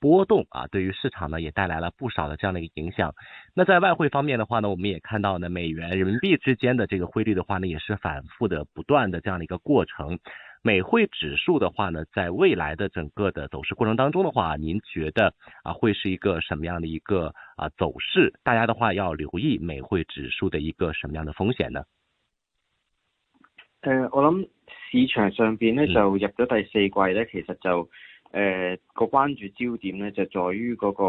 波動啊，對於市場呢也帶來了不少的這樣的一個影響。那在外匯方面的話呢，我們也看到呢，美元人民幣之間的這個匯率的話呢，也是反覆的不斷的這樣的一個過程。美匯指數的話呢，在未來的整個的走勢過程當中的話，您覺得啊會是一個什麼樣的一個啊走勢？大家的話要留意美匯指數的一個什麼樣的風險呢？呃，我諗市場上邊呢，就入咗第四季呢，嗯、其實就。誒個、呃、關注焦點咧就在於嗰、那個、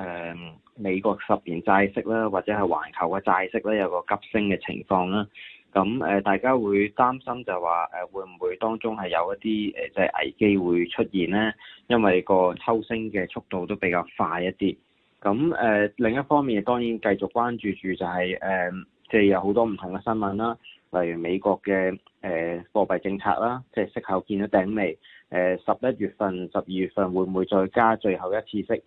呃、美國十年債息啦，或者係環球嘅債息咧有個急升嘅情況啦。咁誒、呃、大家會擔心就係話誒會唔會當中係有一啲誒即係危機會出現咧？因為個抽升嘅速度都比較快一啲。咁誒、呃、另一方面當然繼續關注住就係、是、誒，即、呃、係、就是、有好多唔同嘅新聞啦，例如美國嘅誒、呃、貨幣政策啦，即、就、係、是、息口見到頂未？誒十一月份、十二月份會唔會再加最後一次息？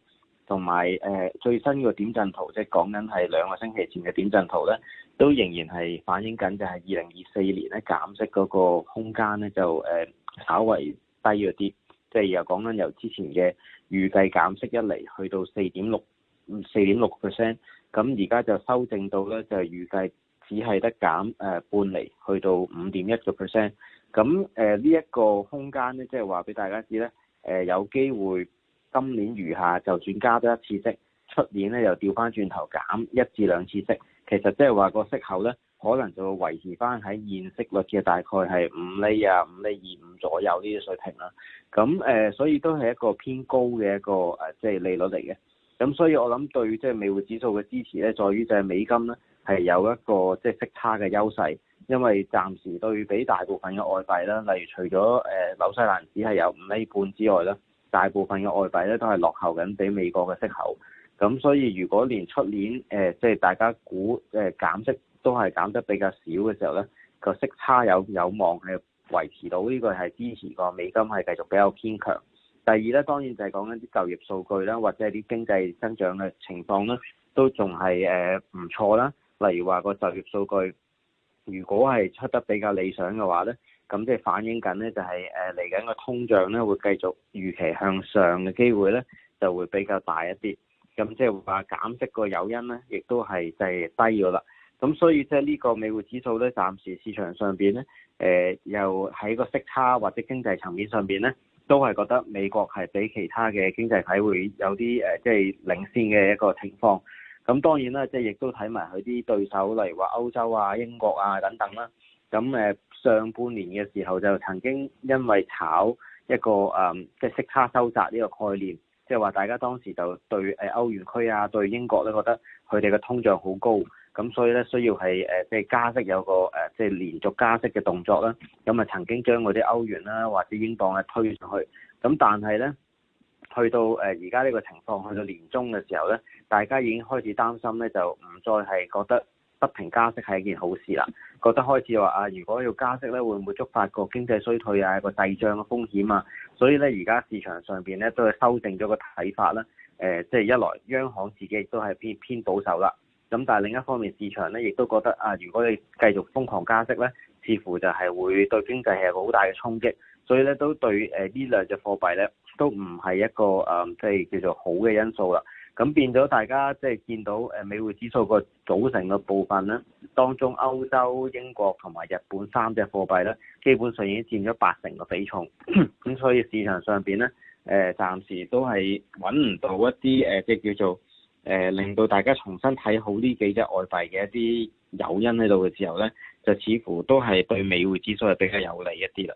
同埋誒最新個點陣圖，即係講緊係兩個星期前嘅點陣圖咧，都仍然係反映緊就係二零二四年咧減息嗰個空間咧就誒、呃、稍為低咗啲，即係又講緊由之前嘅預計減息一釐去到四點六，四點六 percent，咁而家就修正到咧就係預計只係得減誒、呃、半釐去到五點一個 percent。咁誒呢一個空間咧，即係話俾大家知咧，誒、呃、有機會今年餘下就算加多一次息，出年咧又調翻轉頭減一至兩次息，其實即係話個息口咧，可能就會維持翻喺現息率嘅大概係五厘啊、五厘二五左右呢啲水平啦。咁誒、呃，所以都係一個偏高嘅一個誒，即、呃、係、即係、利率嚟嘅。咁所以我諗對即係美匯指數嘅支持咧，在於就係美金咧係有一個即係息差嘅優勢。因為暫時對比大部分嘅外幣啦，例如除咗誒、呃、紐西蘭只係有五釐半之外啦，大部分嘅外幣咧都係落後緊畀美國嘅息口，咁所以如果連出年誒即係大家估誒、呃、減息都係減得比較少嘅時候咧，個息差有有望係維持到呢個係支持個美金係繼續比較堅強。第二咧，當然就係講緊啲就業數據啦，或者係啲經濟增長嘅情況啦，都仲係誒唔錯啦。例如話個就業數據。如果係出得比較理想嘅話咧，咁即係反映緊咧就係誒嚟緊個通脹咧會繼續預期向上嘅機會咧就會比較大一啲，咁即係話減息個誘因咧亦都係就係低咗啦，咁所以即係呢個美匯指數咧，暫時市場上邊咧誒又喺個息差或者經濟層面上邊咧都係覺得美國係比其他嘅經濟體會有啲誒即係領先嘅一個情況。咁當然啦，即係亦都睇埋佢啲對手，例如話歐洲啊、英國啊等等啦。咁誒上半年嘅時候就曾經因為炒一個誒，即、嗯、係、就是、息差收窄呢個概念，即係話大家當時就對誒歐元區啊、對英國咧覺得佢哋嘅通脹好高，咁所以咧需要係誒即係加息有個誒即係連續加息嘅動作啦。咁啊曾經將嗰啲歐元啦、啊、或者英鎊咧推上去，咁但係咧。去到誒而家呢個情況，去到年中嘅時候呢，大家已經開始擔心呢，就唔再係覺得不停加息係一件好事啦，覺得開始話啊，如果要加息呢，會唔會觸發個經濟衰退啊、個滯脹嘅風險啊？所以呢，而家市場上邊呢，都係修正咗個睇法啦。誒、呃，即係一來央行自己亦都係偏偏保守啦。咁但係另一方面，市場呢亦都覺得啊，如果你繼續瘋狂加息呢，似乎就係會對經濟係有個好大嘅衝擊，所以呢，都對誒呢兩隻貨幣呢。都唔係一個誒、嗯，即係叫做好嘅因素啦。咁變咗大家即係見到誒美匯指數個組成嘅部分呢，當中歐洲、英國同埋日本三隻貨幣呢，基本上已經佔咗八成嘅比重。咁 所以市場上邊呢，誒、呃、暫時都係揾唔到一啲誒，即、呃、係叫做誒、呃、令到大家重新睇好呢幾隻外幣嘅一啲誘因喺度嘅時候呢，就似乎都係對美匯指數係比較有利一啲啦。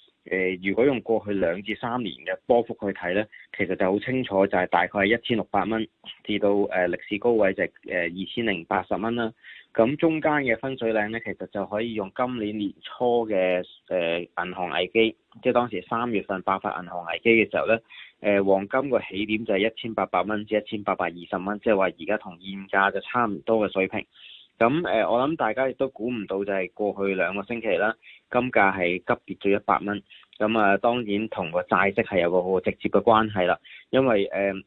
誒、呃，如果用過去兩至三年嘅波幅去睇呢，其實就好清楚，就係大概係一千六百蚊至到誒、呃、歷史高位、就係，值二千零八十蚊啦。咁中間嘅分水嶺呢，其實就可以用今年年初嘅誒銀行危機，即係當時三月份爆發銀行危機嘅時候呢，誒、呃、黃金個起點就係一千八百蚊至一千八百二十蚊，即係話而家同現價就差唔多嘅水平。咁誒、嗯，我諗大家亦都估唔到，就係過去兩個星期啦，金價係急跌咗一百蚊。咁、嗯、啊、嗯，當然同個債息係有個好直接嘅關係啦。因為誒，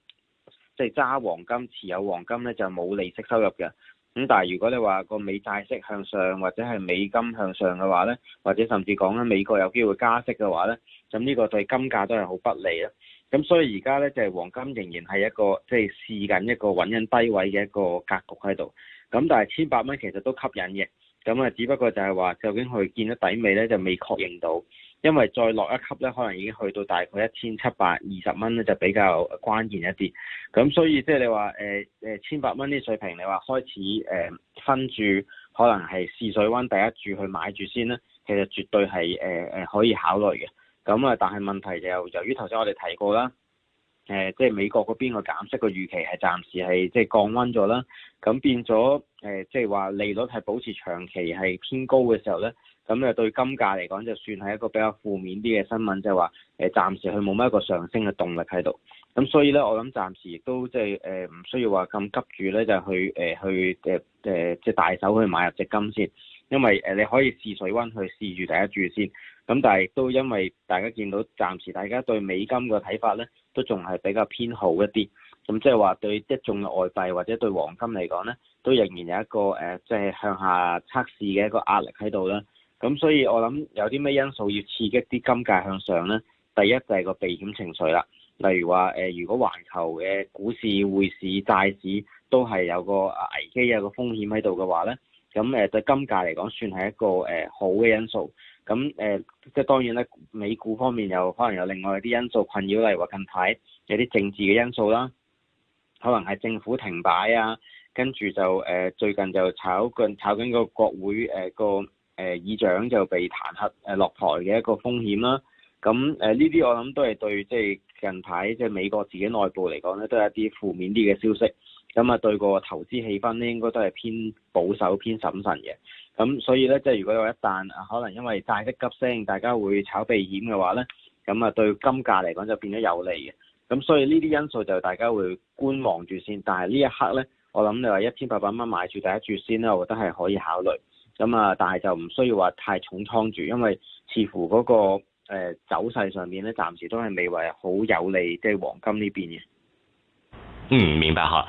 即係揸黃金、持有黃金咧，就冇利息收入嘅。咁、嗯、但係如果你話個美債息向上，或者係美金向上嘅話咧，或者甚至講咧美國有機會加息嘅話咧，咁、嗯、呢、這個對金價都係好不利啦。咁、嗯、所以而家咧就係、是、黃金仍然係一個即係、就是、試緊一個揾緊低位嘅一個格局喺度。咁但係千八蚊其實都吸引嘅，咁啊，只不過就係話，究竟佢見到底尾咧就未確認到，因為再落一級咧，可能已經去到大概一千七百二十蚊咧，就比較關鍵一啲。咁所以即係你話誒誒千八蚊啲水平，你話開始誒、呃、分住可能係試水溫第一注去買住先啦，其實絕對係誒誒可以考慮嘅。咁啊，但係問題就由於頭先我哋提過啦。誒、呃，即係美國嗰邊個減息個預期係暫時係即係降温咗啦。咁變咗誒、呃，即係話利率係保持長期係偏高嘅時候咧，咁咧對金價嚟講，就算係一個比較負面啲嘅新聞，就係話誒，暫時佢冇乜一個上升嘅動力喺度。咁所以咧，我諗暫時都即係誒，唔、呃、需要話咁急住咧就去誒、呃、去誒誒、呃，即係大手去買入隻金先，因為誒你可以試水温去試住第一注先。咁但係都因為大家見到暫時大家對美金個睇法咧。都仲係比較偏好一啲，咁即係話對一眾嘅外幣或者對黃金嚟講呢，都仍然有一個誒，即、呃、係、就是、向下測試嘅一個壓力喺度啦。咁所以我諗有啲咩因素要刺激啲金價向上呢？第一就係個避險情緒啦。例如話誒、呃，如果環球嘅股市、匯市、債市都係有個危機、有個風險喺度嘅話呢，咁誒對金價嚟講算係一個誒、呃、好嘅因素。咁誒，即係當然咧，美股方面又可能有另外一啲因素困擾，例如話近排有啲政治嘅因素啦，可能係政府停擺啊，跟住就誒最近就炒緊炒緊個國會誒個誒議長就被彈劾誒落台嘅一個風險啦。咁誒呢啲我諗都係對即係近排即係美國自己內部嚟講咧，都係一啲負面啲嘅消息。咁啊，對個投資氣氛咧，應該都係偏保守、偏審慎嘅。咁所以咧，即係如果有一旦啊，可能因為債息急升，大家會炒避險嘅話咧，咁啊對金價嚟講就變咗有利嘅。咁所以呢啲因素就大家會觀望住先。但係呢一刻咧，我諗你話一千八百蚊買住第一注先咧，我覺得係可以考慮。咁啊，但係就唔需要話太重倉住，因為似乎嗰個、呃、走勢上面咧，暫時都係未為好有利，即係黃金呢邊嘅。嗯，明白哈。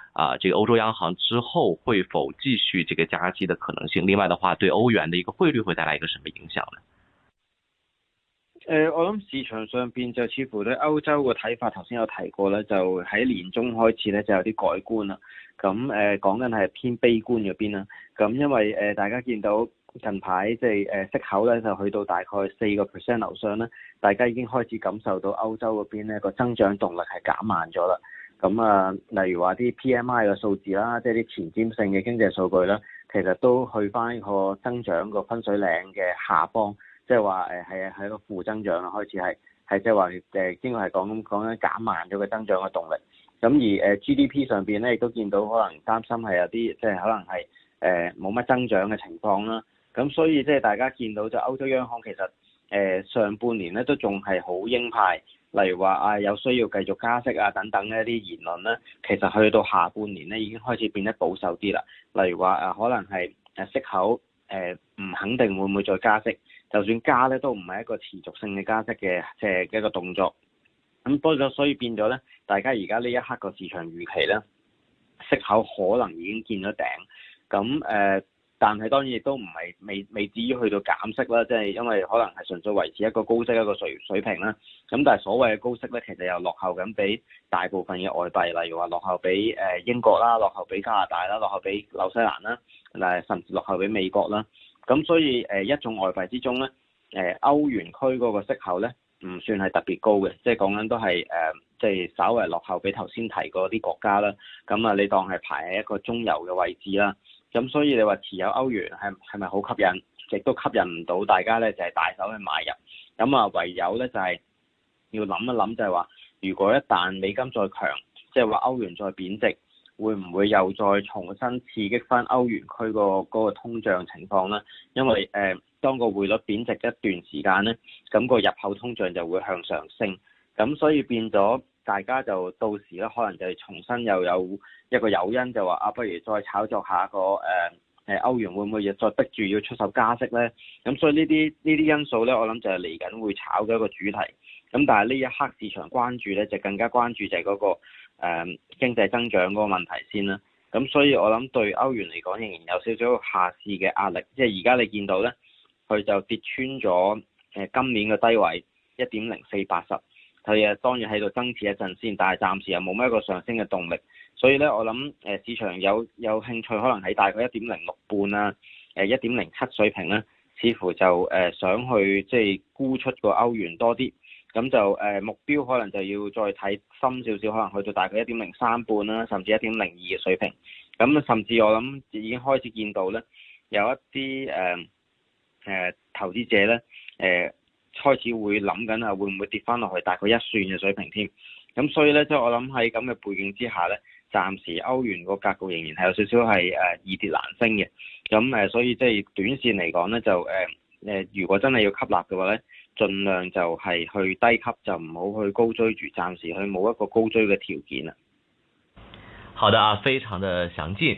啊，這個、歐洲央行之後會否繼續這個加息的可能性？另外的話，對歐元的一個匯率會帶來一個什麼影響呢？誒、呃，我諗市場上邊就似乎對歐洲嘅睇法，頭先有提過咧，就喺年中開始咧就有啲改觀啦。咁、嗯、誒、呃，講緊係偏悲觀嗰邊啦。咁、嗯、因為誒、呃、大家見到近排即係誒息口咧就去到大概四個 percent 樓上啦，大家已經開始感受到歐洲嗰邊咧個增長動力係減慢咗啦。咁啊，例如話啲 P M I 嘅數字啦，即係啲前瞻性嘅經濟數據啦，其實都去翻一個增長個分水嶺嘅下方，即係話誒係啊係個負增長啦，開始係係即係話誒，應該係講講緊減慢咗個增長嘅動力。咁而誒 G D P 上邊咧，亦都見到可能擔心係有啲即係可能係誒冇乜增長嘅情況啦。咁所以即係大家見到就歐洲央行其實誒、呃、上半年咧都仲係好鷹派。例如話啊，有需要繼續加息啊等等呢一啲言論咧，其實去到下半年咧已經開始變得保守啲啦。例如話啊，可能係誒息口誒唔肯定會唔會再加息，就算加咧都唔係一個持續性嘅加息嘅即係一個動作。咁多咗，所以變咗咧，大家而家呢一刻個市場預期咧，息口可能已經見到頂。咁誒。呃但係當然亦都唔係未未至於去到減息啦，即係因為可能係純粹維持一個高息一個水水平啦。咁但係所謂嘅高息咧，其實又落後緊畀大部分嘅外幣，例如話落後畀誒英國啦，落後畀加拿大啦，落後畀紐西蘭啦，誒甚至落後畀美國啦。咁所以誒一眾外幣之中咧，誒歐元區嗰個息口咧，唔算係特別高嘅，即係講緊都係誒即係稍微落後畀頭先提過啲國家啦。咁啊，你當係排喺一個中游嘅位置啦。咁所以你話持有歐元係係咪好吸引，亦都吸引唔到大家咧，就係大手去買入。咁啊，唯有咧就係要諗一諗，就係話如果一旦美金再強，即係話歐元再貶值，會唔會又再重新刺激翻歐元區個嗰個通脹情況咧？因為誒，當個匯率貶值一段時間咧，咁個入口通脹就會向上升，咁所以變咗。大家就到時咧，可能就係重新又有一個誘因，就話啊，不如再炒作下一個誒誒、呃、歐元會唔會又再逼住要出手加息咧？咁所以呢啲呢啲因素咧，我諗就係嚟緊會炒嘅一個主題。咁但係呢一刻市場關注咧，就更加關注就係嗰、嗰個誒、呃、經濟增長嗰個問題先啦。咁所以我諗對歐元嚟講，仍然有少少下市嘅壓力。即係而家你見到咧，佢就跌穿咗誒、呃、今年嘅低位一點零四八十。係啊，當然喺度增持一陣先，但係暫時又冇乜一個上升嘅動力，所以咧，我諗誒、呃、市場有有興趣，可能喺大概一點零六半啦，誒一點零七水平咧，似乎就誒、呃、想去即係沽出個歐元多啲，咁、嗯、就誒、呃、目標可能就要再睇深少少，可能去到大概一點零三半啦，甚至一點零二嘅水平，咁甚至我諗已經開始見到咧，有一啲誒誒投資者咧誒。呃開始會諗緊啊，會唔會跌翻落去大概一算嘅水平添？咁所以咧，即係我諗喺咁嘅背景之下咧，暫時歐元個格局仍然係有少少係誒易跌難升嘅。咁誒，所以即係短線嚟講咧，就誒誒，如果真係要吸納嘅話咧，儘量就係去低級，就唔好去高追住。暫時去冇一個高追嘅條件啦。好的啊，非常的詳盡。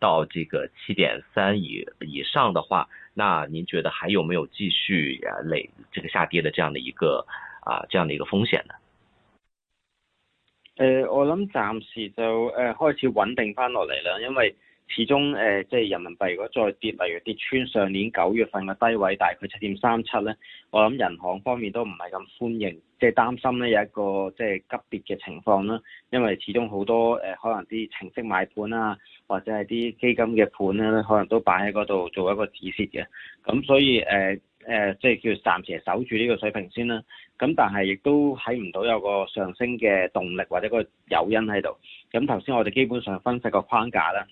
到這個七點三以以上的話，那您覺得還有沒有繼續累這個下跌的這樣的一個啊這樣的一個風險呢？誒、呃，我諗暫時就誒、呃、開始穩定翻落嚟啦，因為，始終誒、呃，即係人民幣如果再跌，例如跌穿上年九月份嘅低位，大概七點三七咧，我諗人行方面都唔係咁歡迎，即係擔心咧有一個即係急跌嘅情況啦。因為始終好多誒、呃，可能啲程式買盤啊，或者係啲基金嘅盤咧，可能都擺喺嗰度做一個止蝕嘅。咁所以誒誒、呃呃，即係叫暫時守住呢個水平先啦。咁但係亦都睇唔到有個上升嘅動力或者個誘因喺度。咁頭先我哋基本上分析個框架啦。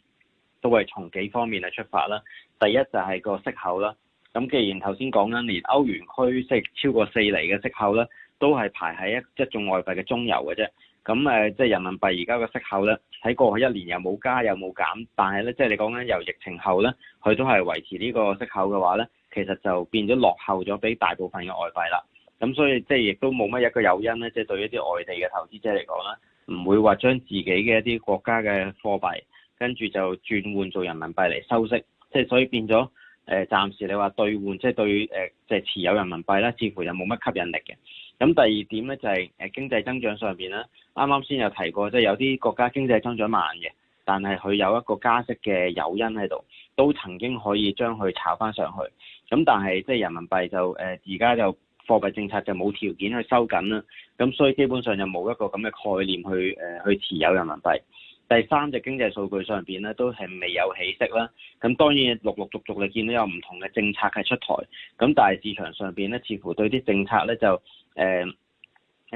都係從幾方面嚟出發啦。第一就係個息口啦。咁既然頭先講緊連歐元區息超過四厘嘅息口咧，都係排喺一一種外幣嘅中游嘅啫。咁誒、呃，即係人民幣而家個息口咧，喺過去一年又冇加又冇減，但係咧即係你講緊由疫情後咧，佢都係維持呢個息口嘅話咧，其實就變咗落後咗比大部分嘅外幣啦。咁所以即係亦都冇乜一個誘因咧，即係、就是、對於一啲外地嘅投資者嚟講咧，唔會話將自己嘅一啲國家嘅貨幣。跟住就轉換做人民幣嚟收息，即係所以變咗誒，暫時你話兌換即係兌誒，即係持有人民幣啦，似乎又冇乜吸引力嘅。咁第二點咧就係誒經濟增長上邊啦，啱啱先有提過，即係有啲國家經濟增長慢嘅，但係佢有一個加息嘅誘因喺度，都曾經可以將佢炒翻上去。咁但係即係人民幣就誒而家就貨幣政策就冇條件去收緊啦，咁所以基本上就冇一個咁嘅概念去誒去持有人民幣。第三隻經濟數據上邊咧都係未有起色啦，咁當然陸陸續續你見到有唔同嘅政策係出台，咁但係市場上邊咧似乎對啲政策咧就誒誒、呃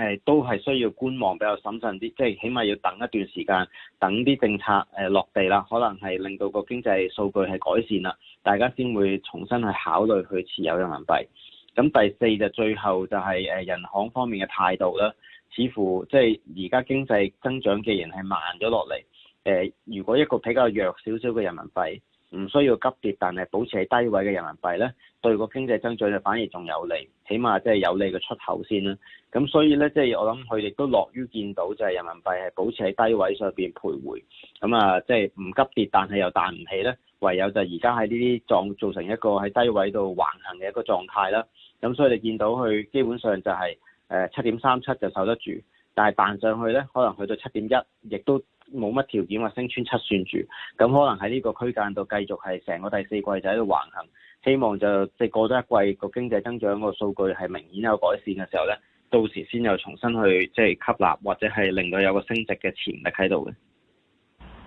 呃、都係需要觀望比較審慎啲，即、就、係、是、起碼要等一段時間，等啲政策誒、呃、落地啦，可能係令到個經濟數據係改善啦，大家先會重新去考慮去持有人民幣。咁第四就最後就係誒人行方面嘅態度啦。似乎即係而家經濟增長既然係慢咗落嚟。誒、呃，如果一個比較弱少少嘅人民幣，唔需要急跌，但係保持喺低位嘅人民幣咧，對個經濟增長就反而仲有利，起碼即係有利嘅出口先啦。咁所以咧，即、就、係、是、我諗佢哋都樂於見到就係人民幣係保持喺低位上面徘徊。咁啊，即係唔急跌，但係又彈唔起咧，唯有就而家喺呢啲狀造成一個喺低位度橫行嘅一個狀態啦。咁所以你見到佢基本上就係、是。誒，七點三七就受得住，但係彈上去呢，可能去到七點一，亦都冇乜條件話升穿七算住。咁可能喺呢個區間度繼續係成個第四季就喺度橫行，希望就即係過咗一季個經濟增長個數據係明顯有改善嘅時候呢，到時先有重新去即係、就是、吸納或者係令到有個升值嘅潛力喺度嘅。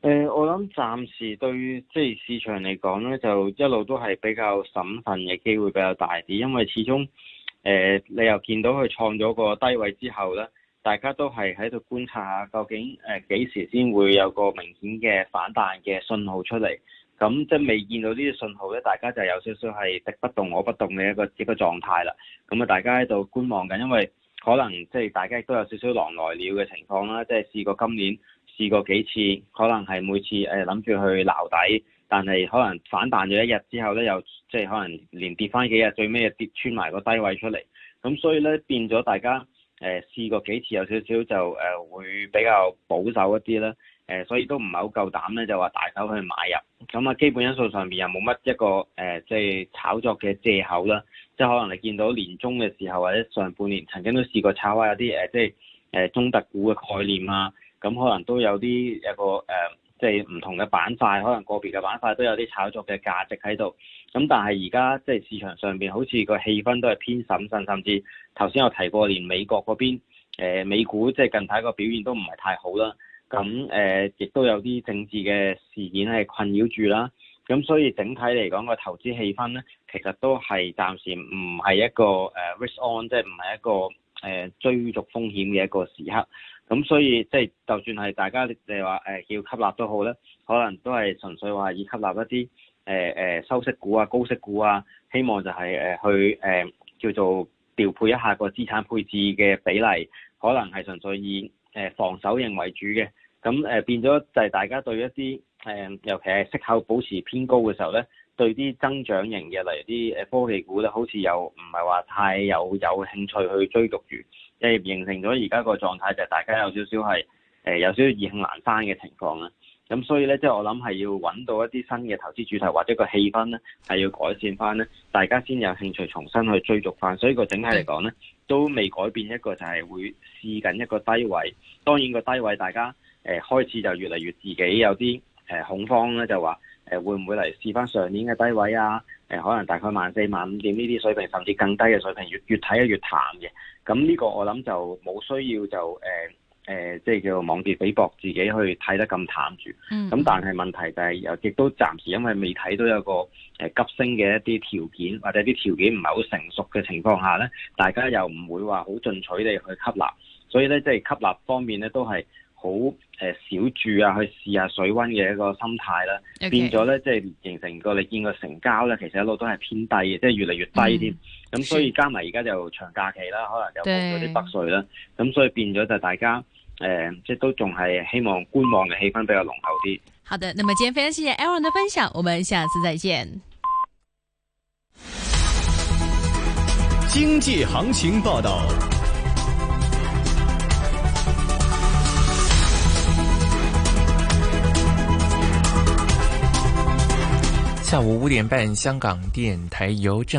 誒、呃，我諗暫時對於即係市場嚟講咧，就一路都係比較審慎嘅機會比較大啲，因為始終誒、呃、你又見到佢創咗個低位之後咧，大家都係喺度觀察下究竟誒幾、呃、時先會有個明顯嘅反彈嘅信號出嚟，咁、嗯、即係未見到呢啲信號咧，大家就有少少係敵不動我不動嘅一個一個狀態啦。咁、嗯、啊，大家喺度觀望緊，因為可能即係大家亦都有少，少少狼來了嘅情況啦，即係試過今年。試過幾次，可能係每次誒諗住去撈底，但係可能反彈咗一日之後咧，又即係可能連跌翻幾日，最尾跌穿埋個低位出嚟。咁所以咧變咗大家誒、呃、試過幾次，有少少就誒、呃、會比較保守一啲啦。誒、呃、所以都唔係好夠膽咧，就話大手去買入。咁啊，基本因素上邊又冇乜一個誒、呃、即係炒作嘅借口啦。即係可能你見到年中嘅時候或者上半年曾經都試過炒啊，有啲誒即係誒、呃、中特股嘅概念啊。咁可能都有啲一個誒、呃，即係唔同嘅板塊，可能個別嘅板塊都有啲炒作嘅價值喺度。咁但係而家即係市場上邊，好似個氣氛都係偏審慎，甚至頭先有提過，連美國嗰邊、呃、美股即係近排個表現都唔係太好啦。咁誒亦都有啲政治嘅事件係困擾住啦。咁所以整體嚟講，個投資氣氛咧，其實都係暫時唔係一個誒、呃、risk on，即係唔係一個誒、呃、追逐風險嘅一個時刻。咁所以即係就算係大家你話誒要吸納都好咧，可能都係純粹話以吸納一啲誒誒收息股啊、高息股啊，希望就係誒去誒、呃、叫做調配一下個資產配置嘅比例，可能係純粹以誒防守型為主嘅。咁誒變咗就係大家對一啲誒、呃、尤其係息口保持偏高嘅時候咧，對啲增長型嘅，例如啲誒科技股咧，好似又唔係話太有有興趣去追逐住。誒形成咗而家個狀態，就係、是、大家有少少係誒、呃、有少少意興闌珊嘅情況啦。咁所以咧，即、就、係、是、我諗係要揾到一啲新嘅投資主題，或者個氣氛咧係要改善翻咧，大家先有興趣重新去追逐翻。所以個整體嚟講咧，都未改變一個就係會試緊一個低位。當然個低位，大家誒、呃、開始就越嚟越自己有啲誒、呃、恐慌咧，就話誒、呃、會唔會嚟試翻上年嘅低位啊？誒、呃，可能大概萬四萬五點呢啲水平，甚至更低嘅水平，越越睇得越淡嘅。咁呢個我諗就冇需要就誒誒，即、呃、係、呃、叫網跌比搏自己去睇得咁淡住。咁、mm hmm. 但係問題就係又亦都暫時因為未睇到有一個誒急升嘅一啲條件，或者啲條件唔係好成熟嘅情況下呢，大家又唔會話好進取地去吸納，所以呢，即係吸納方面呢都係。好誒，少住啊，去試下水温嘅一個心態啦，變咗咧即係形成個你見個成交咧，其實一路都係偏低嘅，即係越嚟越低添。咁所以加埋而家就長假期啦，可能又放咗啲北水啦，咁所以變咗就大家誒，即係都仲係希望觀望嘅氣氛比較濃厚啲。好的，那麼今天非常謝謝 Aaron 嘅分享，我們下次再見。經濟行情報道。下午五點半，香港電台郵件。